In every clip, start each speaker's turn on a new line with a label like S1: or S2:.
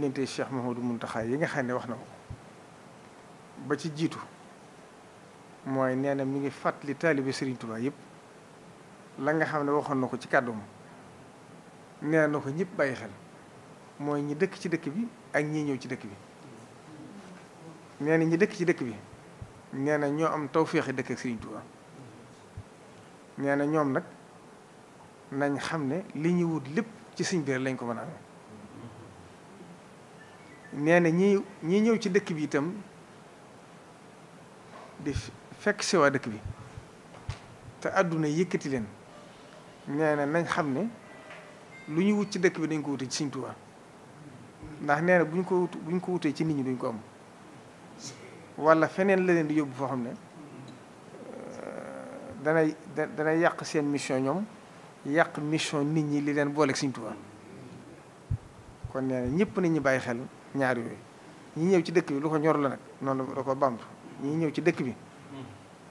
S1: yónnente Cheikh Mouhamadou Mountakha yi nga xam ne wax na ko ba ci jiitu mooy nee na mi ngi fàttali taalibe Serigne Touba yépp la nga xam ne waxoon na ko ci kàddu ma nee na ko ñëpp bàyyi xel mooy ñi dëkk ci dëkk bi ak ñi ñëw ci dëkk bi nee na ñi dëkk ci dëkk bi nee na ñoo am tawféexi dëkk ak Serigne Touba nee na ñoom nag nañ xam ne li ñuy wut lépp ci suñ biir lañ ko mën a amee nee na ñi ñi ñëw ci dëkk bi itam di fekk si dëkk bi te àdduna yékkati leen nee na nañ xam ne lu ñu wut ci dëkk bi dañ ko wute ci Sëñ ndax nee na bu ñu ko wut bu ñu ko wutee ci nit ñi duñ ko am walla feneen la leen di yóbbu foo xam ne euh, danay danay yàq seen mission ñoom yàq mission nit ñi li leen booleeg Sëñ Tuubaa kon nee na ñëpp nañu bàyyi xel ñaar yooyu ñi ñëw ci dëkk bi lu ko ñor la nag noonu la ko bamb ñi ñëw ci dëkk bi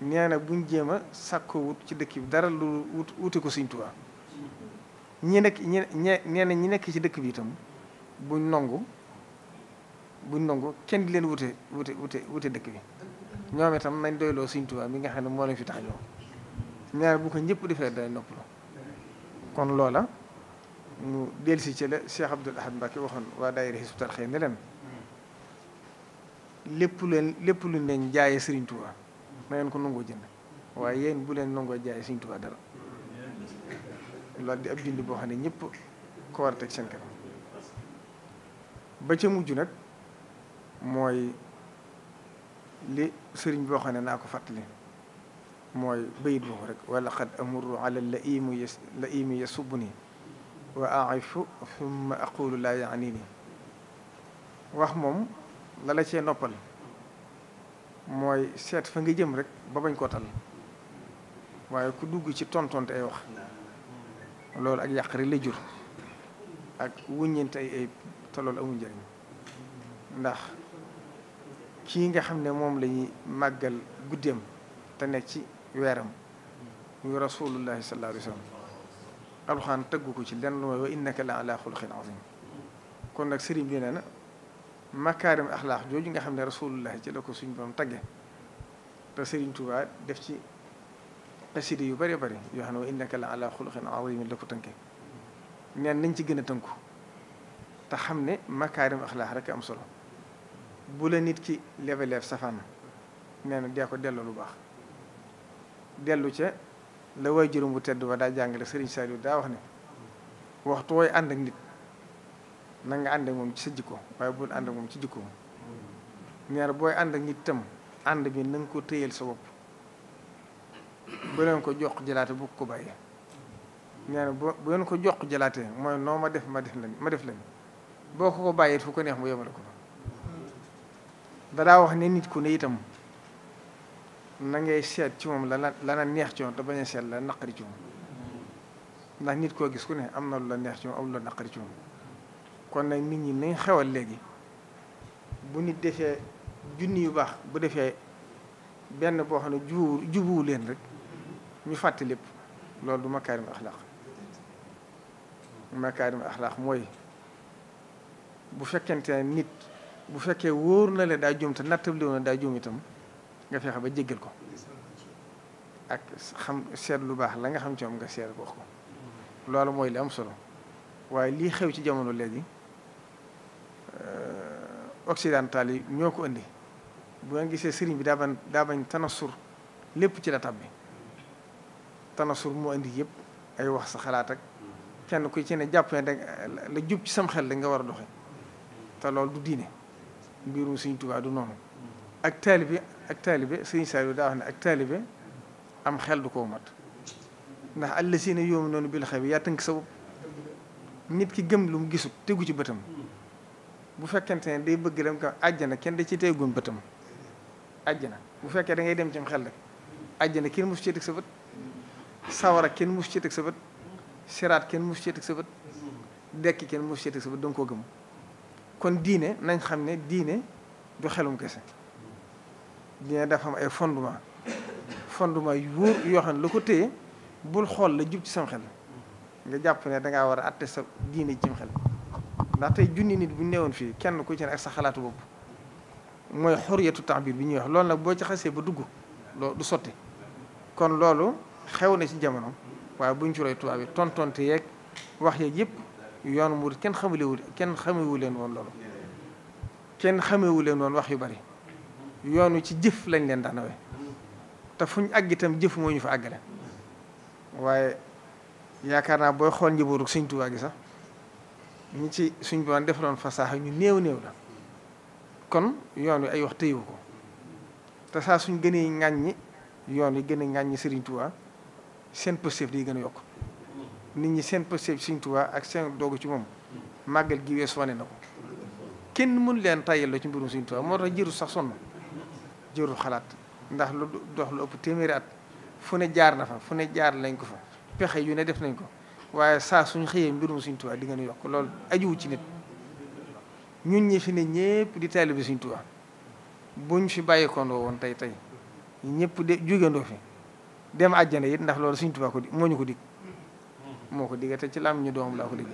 S1: nee na buñ jéem a sàkkoo wut ci dëkk bi dara lu wut wute ko Sëriñ Tuubaa ñi nekk ñi ñi nekk ci dëkk bi itam buñ nongu buñ nongu kenn di leen wute wute wute wute dëkk bi ñoom itam nañ doyloo Sëriñ Tuubaa mi nga xam ne moo leen fi tax ñaar bu ko ñëpp defee day noppaloo kon loola ñu dellusi ci la Cheikh Abdoul Ahad Mbacké waxoon waa daayira Hizbut Tarqiyyah ne lépp leen lépp lu leen jaayee Serigne Touba na ko nangoo jënd waaye yéen bu leen nangoo jaayee Serigne Touba dara loolu di ab bind boo xam ne ñëpp ko war a teg seen kanam ba ca mujj nag mooy li sëriñ boo xam ne naa ko fàttali mooy bayit boobu rek wala xad amuru ala la imu yes la imu yasubuni wa aifu thumma aqulu laa yaani ni wax moom la la cee noppal mooy seet fa nga jëm rek ba bañ koo tal waaye ku dugg ci tontonte ay wax loolu ak yàq la jur ak wuññeente ay ay te loolu njëriñ ndax kii nga xam ne moom lañuy ñuy màggal guddeem te nekk ci weeram muy rasulullahi sallallahu alayhi wa sallam alxaan tëggu ko ci lenn lu mooy wa innaka la ala xuluqin azim kon nag sëriñ bi nee na makaarim axlaax jooju nga xam ne rasulullah ci la ko suñ borom tagge te sëriñ Tuubaa def ci xasida yu bari bari yoo xam ne wa innaka la ala xuluqin azim la ko tënke neen nañ ci gën a tënku te xam ne makaarim axlaax rek am solo bu la nit ki lebeleef safaan nee na dee ko delloo lu baax dellu ca la way juróom bu tedd ba daa jàngale sëriñ Saliou daa wax ne waxtu ànd ak nit na nga ànd ak moom ci sa jikko waaye bul ànd moom ci jikko booy ànd ak nit tam ànd bi na nga ko sa bopp bu leen ko jox jëlaate bu ko bàyyi ñaar bu bu leen ko jox jëlaate mooy noo ma def ma def la ma def la boo ko ko bàyyee fu ko neex mu yemale ko
S2: fa
S1: dadaa wax ne nit ku ne itam na ngay seet ci moom la la neex ci moom te bañ a seet la naqari ci moom ndax nit koo gis ku ne am na lu la neex ci moom am lu la naqari ci moom kon nag nit ñi nañ xewal léegi bu nit defee junni yu baax bu defee benn boo xam ne jubu jubuwu leen rek ñu fàtte lépp loolu du makaarim axlaq makaarim axlaq mooy bu fekkente nit bu fekkee wóor na la daa jom te nattable na daa juum itam nga fexe ba jéggal ko ak xam seet lu baax la nga xam ci moom nga seet wax ko loolu mooy li am solo waaye lii xew ci jamono léegi euh, occidental yi ñoo ko indi bu nga gisee sëriñ bi daa bañ daa bañ lépp ci la tab bi tanasur moo indi yëpp ay wax sa xalaat ak kenn ku ci ne jàpp ne la jub ci sam xel da nga war a doxe te loolu du diine mbirum Sëriñ Tuubaa du noonu ak taalibe bi ak taalibe sëñ Saliou daa wax ne ak taalibe am xel du ko mat ndax allasiina yu'minuuna noonu ghaybi yaa tënk sa bopp nit ki gëm lu mu gisul tegu ci bëtam bu fekkente ne day bëgg dem ka àjjana kenn da ci teguñ bëtam àjjana bu fekkee da ngay dem ci xel rek àjjana kenn mus ci teg sa bët sawara kenn mus ci teg sa bët kenn mus ci teg dekk kenn mus ci teg sa bët da koo gëm kon diine nañ xam ne diine du xelum kese dina dafa am ay fondement fondement yu wóor yoo xam ne lu ko téye bul xool la jub ci sam xel nga jàpp ne dangaa war a atte sa diine cim xel ndax junni nit bu ñu newoon fii kenn ku ci ne ak sa xalaatu bopp mooy xor xoriyatu taabir bi ñuy wax loolu nag boo ci xasee ba dugg loolu du sotti kon loolu xew na ci jamono waaye buñ ci roy tubaab yi tontonte yeeg wax yeeg yëpp yoonu murid kenn xamulewul kenn xamewu leen woon loolu kenn xamewu leen woon wax yu bari yoon wi ci jëf lañ leen daan woowe te fuñ àgg itam jëf moo ñu fa àggale waaye yaakaar naa booy xool njabootu Sëñ Tuubaa gi sax ñi ci suñ boon defaloon fasaaxa ñu néew néew la kon yoon wi ay wax téyewu ko te saa suñ gënee ŋàññi yoon wi gën a ŋàññi Sëriñ Tuubaa seen pëstéef di gën a yokk nit ñi seen pëstéef Sëriñ Tuubaa ak seen doogu ci moom màggal gi wees wane na ko kenn mënu leen tayal la ci mbirum Sëriñ Tuubaa moo tax jëru sax sonn jërul xalaat ndax lu dox lu ëpp téeméeri at fu ne jaar na fa fu ne jaar lañ ko fa pexe yu ne def nañ ko waaye saa suñ xëyee mbirum suñ Tuubaa di ngeen yokk loolu ajuwu ci nit ñun ñi fi ne ñëpp di taalibe suñ Tuubaa buñ fi bàyyikondoo woon tey tey ñëpp de jógandoo fi dem àjjana it ndax loolu suñ Tuubaa ko di moo ñu ko dig moo ko digga te ci lam ñu doom laa ko digg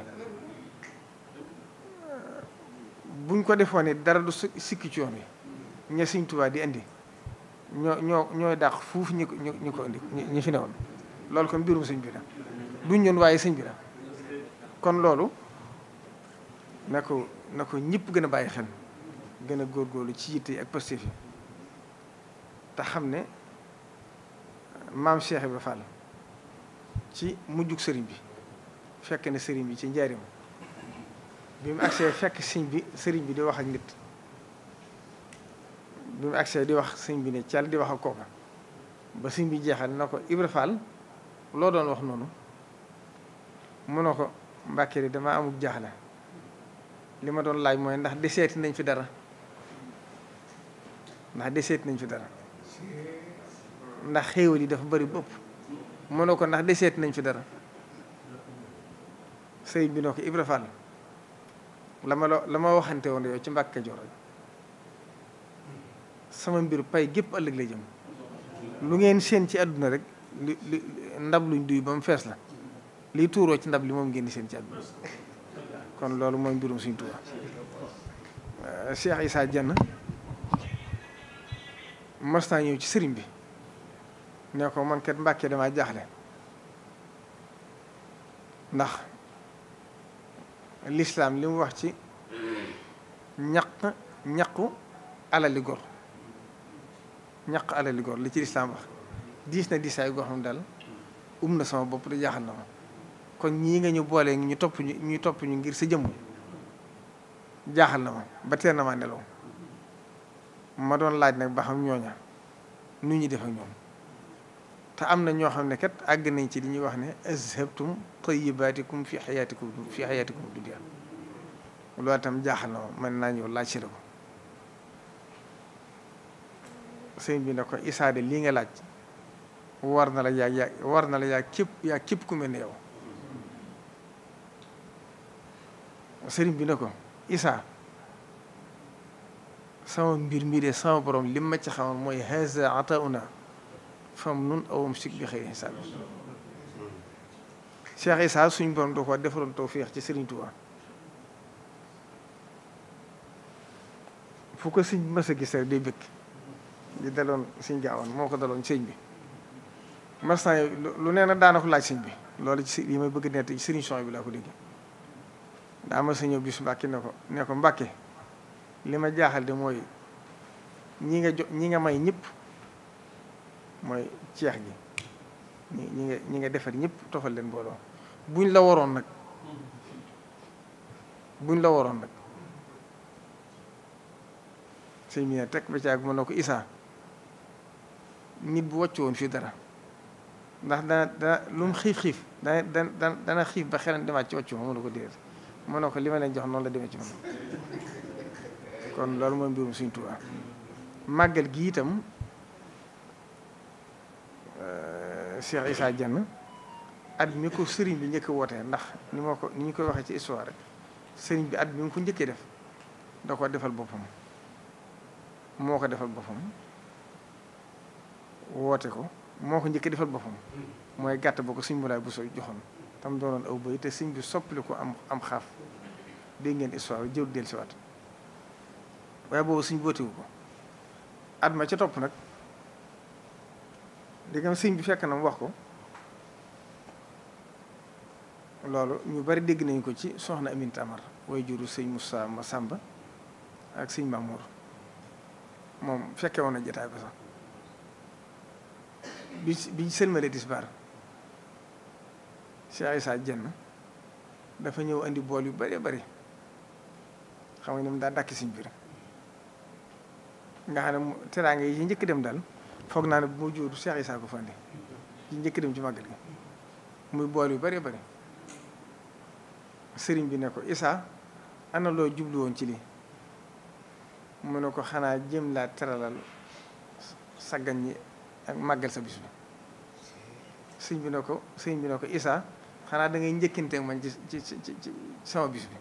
S1: buñ ko defoon ne dara du sikki ci yoon wi ña Sëriñ Tuubaa di indi ñoo ñoo ñooy dàq fuuf ñi ko ñi ko indi ñi fi newoon loolu ko mbirum sëñ bi na
S2: duñ ñun waaye sëñ bi
S1: la kon loolu na ko na ko ñëpp gën a bàyyi xel gën a góor góorlu ci yitte yi ak positif yi te xam ne maam Cheikh Ibra Fall ci mujjug sëriñ bi fekk ne sëriñ bi ci njaarim bi mu agsee fekk sëriñ bi sëriñ bi di wax ak nit bi mu agsee di wax sëñ bi ne cal di wax ak kooka ba sëñ bi jeexal na ko Ibra Fall loo doon wax noonu mu ne ko Mbàkke di dama amul jaaxle li ma doon laaj mooy ndax deseeti nañ fi dara ndax deseeti nañ fi dara ndax xéewal yi dafa bari bëpp mu ne ko ndax deseeti nañ fi dara sëñ bi ne ko Ibra Fall la ma la la ma waxante woon yow ci Mbàkke Kajoor sama mbir pay gépp ëllëg la jëm lu ngeen seen ci àdduna rek li li ndab luñ duy ba mu fees la liy tuuroo ci ndab li moom ngeen di seen ci àdduna kon loolu mooy mbirum suñ tuura euh, Cheikh Issa Dieng mas naa ñëw ci sëriñ bi ne ko man kat Mbàkke damaa jaaxle ndax lislaam li mu wax ci ñaq ñaqu alali gor ñaq alali góor li ci lislaam wax diis na diisaay goo xam ne daal um na sama bopp da jaaxal na ma kon ñii nga ñu boolee ñu topp ñu ñu topp ñu ngir sa jëmm jaaxal na ma ba teel na maa nelaw ma doon laaj nag ba xam ñooña nu ñu def ak ñoom te am na ñoo xam ne kat àgg nañ ci li ñuy wax ne azhabtum tayyibatikum fi hayatikum fi hayatikum dunya loolu tam jaaxal na ma mën naa ñëw laaj si la ko sëñ bi ne ko isaade lii nga laaj war na la yaa képp yaa képp ku mel ne yow sëriñ bi ne ko isaa sama mbir mbiree sama borom li ma ci xamoon mooy haza atauna fam nun awam sik bi xëy xisaab suñ borom doo ko defaroon tawfiix ci sëriñ Tuubaa fu ko sëñ mës gis rek day bëgg li daloon sëñ gaawaan moo ko daloon sëñ bi marsan yi lu nee na daana ko laaj sëñ bi loolu ci li may bëgg nett ci sëriñ son bi laa ko dégg daa ma sa bis mbàkke ne ko ne ko mbàkke li ma jaaxal de mooy ñi nga jo ñi nga may ñëpp mooy ceex gi ñi ñi nga ñi nga defar ñëpp toxal leen booloo buñ la waroon nag buñ la waroon nag sëñ bi ne teg ba caag mën na ko isaa nit bu wàcce woon fii dara ndax da da lu mu xiif xiif dana dana dana xiif ba xelam demaat ci wàcc ma mënu ko déet mën na ko li ma leen jox noonu la demee ci kon loolu mooy mbirum Sëriñ Tuubaa gi itam euh, Cheikh Issa Dieng at ko sëriñ bi njëkk wootee ndax ni ma ko ni ñu koy waxee ci histoire rek sëriñ bi at mi ngi ko njëkkee def da ko defal boppam moo ko defal boppam woote ko moo ko njëkk defal boppam mooy gàtt ba ko suñ mulaay bu soo joxoon tam doonoon aw bëy te suñ bi soppali ko am am xaaf dégg ngeen histoire bi jël del siwaat waaye boobu suñ bootiwu ko at ma ca topp nag diggam suñ bi fekk na mu wax ko loolu ñu bari dégg nañu ko ci soxna Aminta Amar way juru sëñ Moussa Massamba ak sëñ Mamour moom fekke woon na jotaay ba sax bi biñ sëlmale tisbaar Cheikh Issa Dieng dafa ñëw indi bool yu bëree bëri xam nga ñoom daa dàkki suñ biir nga xam ne teraanga yi yi njëkk dem daal foog naa ne bu ma jóoru Cheikh Issa ko fandi yi njëkk dem ci màggal gi muy bool yu bëree bëri sëriñ bi ne ko Issa ana loo jublu woon ci lii mu ne ko xanaa jëm laa teralal saggan ñi ak màggal sa bis bi sëñ bi ne ko sëñ bi ne ko Issa xanaa da ngay njëkkante man ci ci ci sama bis bi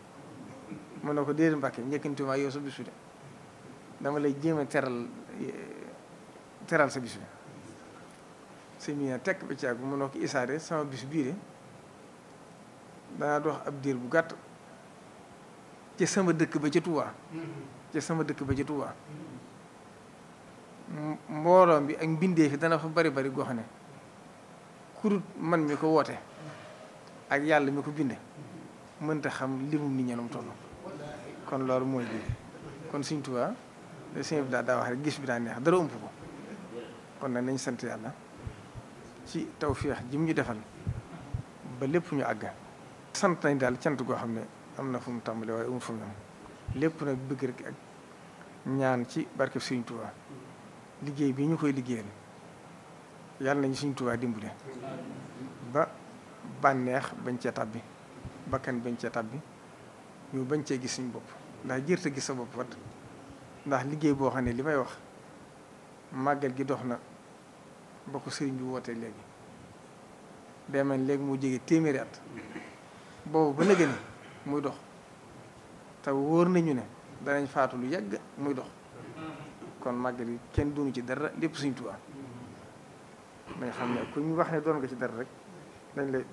S1: mu ne ko déedéet Mbàkke njëkkante maa yow sa bis bi de lay jéem a teral eh, teral sa bis bi sëñ tekk ba ci àgg mu ne ko Issa de sama bis bii de danaa dox ab diir bu gàtt ci sama dëkk ba ci Touba ci sama dëkk ba ca Touba mm-hmm. mbooloo bi ak mbindee fi dana fa bari bari goo xam ne kurut man mi ko woote ak yàlla mi ko binde mënta xam limum nit ñenum toll kon loolu mooy lii kon Sëñ Tuubaa da sëñ bi gis bi daa neex dara ump ko kon nag nañ sant yàlla ci tawféex jim ñu defal ba lépp ñu àgg sant nañ daal cant goo xam ne am na fu mu tàmbalee waaye amul fu mu lépp nag bëgg rek ak ñaan ci barke Sëñ Tuubaa liggéey bi ñu koy liggéeyal yàlla nañu suñu Tuubaa dimbale ba bànneex bañ cee tàbbi bakkan bañ cee tàbbi ñu bañ cee gis suñu bopp ndax jërte gis sa bopp ndax liggéey boo xam ne li may wax màggal gi dox na bokk ko sëriñ bi wootee léegi day léegi mu jege téeméeri at boobu ba nëgëni muy dox te wóor nañu ne danañ faatu lu yàgg muy dox kon màggal yi kenn duñu ci dara lépp Sëriñ Tuubaa nañ xam ne ku ñu wax ne doon nga ci dara rek dañ lay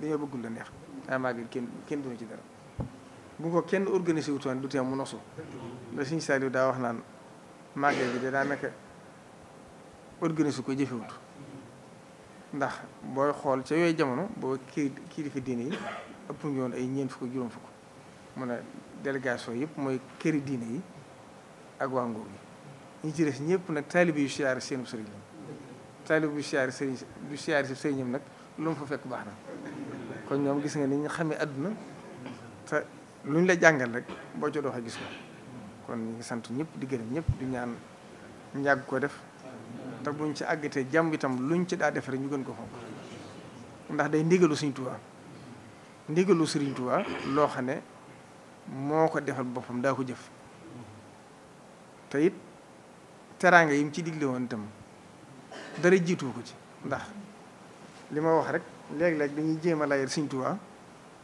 S1: dañoo bëggul la neex daa kenn kenn duñu ci dara bu ko kenn organisé wutoon du tee mu nosu la Sëriñ Saliou daa wax naan màggal bi de daa nekk organisé ko jëfewut ndax booy xool ca yooyu jamono boo kii kii di fi diine yi ëpp ñu woon ay ñeent fukk juróom fukk mu ne délégation yëpp mooy këri diine yi ak waa nguur gi ñi ci ñëpp nag taalibe yu siyaare seenu sëriñ la taalibe yu siyaare sëriñ yu siyaare si sëriñam nag lu mu fa fekk baax na kon ñoom gis nga ni ñu xamee àdduna te lu ñu la jàngal rek boo co doxee gis ko kon ñu ngi sant ñëpp di gërëm ñëpp di ñaan ñu yàgg ko def te buñ ci àggatee jàmm itam luñ ci daa def ñu gën ko fonk ndax day ndigalu Sëriñ Tuubaa ndigalu Sëriñ Tuubaa loo xam ne moo ko defal boppam daa ko jëf te it teraanga yi mu ci digle woon tam dara jiitu ko ci ndax li ma wax rek léegi léeg dañuy jéem a layar Sëriñ Tuubaa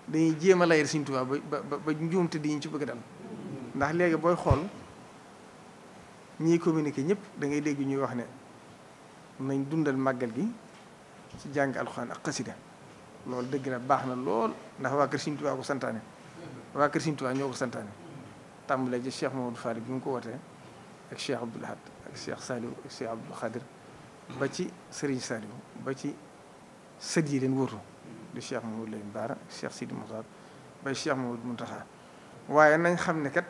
S1: dañuy jéem a layar Sëriñ Tuubaa ba ba ba njuumte di ñu ci bëgg dal ndax léegi booy xool ñii communiqué ñëpp dangay ngay dégg ñuy wax ne nañ dundal màggal gi ci jàng alxuraan ak xasida loolu dëgg la baax na lool ndax waa kër Sëriñ Tuubaa ko santaane waa kër Sëriñ Tuubaa ñoo ko santaane tàmbalee ci Cheikh Mamadou Fall bi mu ko wootee ak Cheikh Abdoul Ahad ak Cheikh Saliou ak Cheikh Abdoul Khadir ba ci Serigne Saliou ba ci sët yi leen wóotu di Cheikh Mamadou Lamine Bara ak Cheikh Sidi Moukhtar ba Cheikh Mamadou Mountakha waaye nañ xam ne kat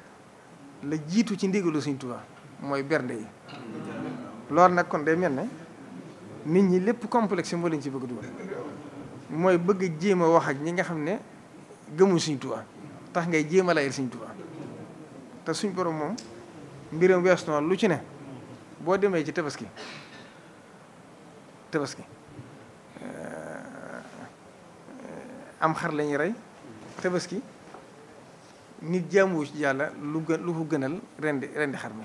S1: la jiitu ci ndigalu Sëriñ Tuubaa mooy bernde nag kon day mel ne nit ñi lépp complexe moo leen ci bëgg dugal bëgg jéem a wax ak ñi nga xam ne gëmuñ Sëriñ Tuubaa tax ngay jéem a layal Sëriñ Tuubaa te suñ borom moom mbiram wees noonu lu ci ne boo demee ci tabaski tabaski eh, am xar lañuy rey tabaski nit jaamuwu ci yàlla lu gën lu ko gënal rendi rendi xar mi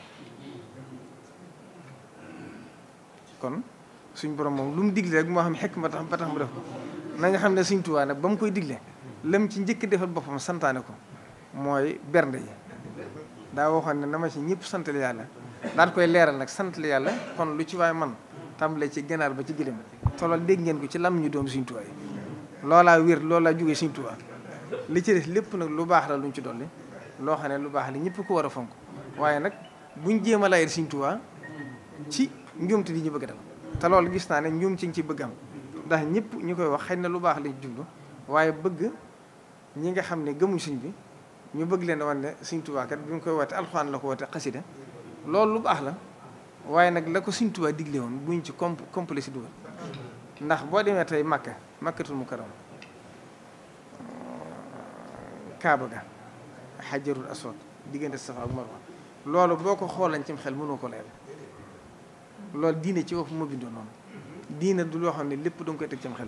S1: kon suñ borom moom lu mu digle rek moo xam xekk ma tax ba tax mu def ko na nga xam ne suñ Tuubaa nag ba mu koy digle lam ci njëkk defal boppam santaane ko mooy bernde yi daa waxoon ne na ma ñëpp sant la yàlla daal koy leeral nag sant la yàlla kon lu ci waay man tàmbalee ci ganaar ba ci gëlëm tolol dégg ngeen ko ci lam ñu doom Sëriñ Tuubaa yi loolaa wér loolaa jóge Sëriñ Tuubaa li ci des lépp nag lu baax la luñ ci dolli loo xam ne lu baax la ñëpp ko war a fonk waaye nag buñ jéem a layal Sëriñ ci njuumte li ñu bëgg a def te loolu gis naa ne njuum ci ci bëgg am ndax ñëpp ñu koy wax xëy na lu baax lañ jublu waaye bëgg ñi nga xam ne gëmuñ sëñ bi ñu bëgg leen wan ne Sëñ Tuubaa kat bi mu koy woote alxuraan la ko woote xasida loolu lu baax la waaye nag la ko Sëñ Tuubaa digle woon buñ ci comp complet si dugal ndax boo demee tey Makka Makkatul Mukarram Kaaba ga Xajarul Aswad diggante Safa ak Marwa loolu boo ko xoolañ cim xel munoo ko leer loolu diine ci wax moo bindoo noonu diine du loo xam ne lépp da nga koy teg cam xel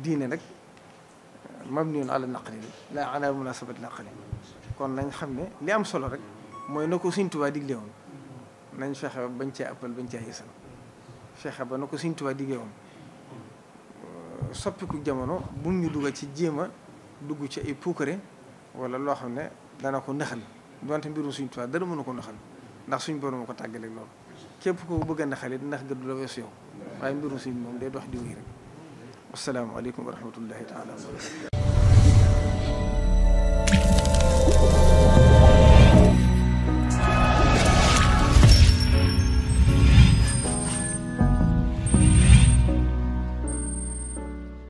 S1: diine nag mabniyun ala naqli la ala munasabati naqli kon nañ xam ne li am solo rek mooy na ko Sëñ Tuubaa digle woon nañ fexe ba bañ cee appal bañ cee yësal fexe ba na ko Sëñ Tuubaa digle woon jamono bu ñu dugal ci jéem a dugg ci ay puukare wala loo xam ne dana ko naxal donte mbirum Sëñ Tuubaa dara mënu ko naxal ndax suñ borom ko tàggaleeg loolu képp ko bëgg a naxalit ndax gëdd la weesu yow waaye mbirum suñ moom day dox di wéy rek asalaamaaleykum wa rahmatullahi taala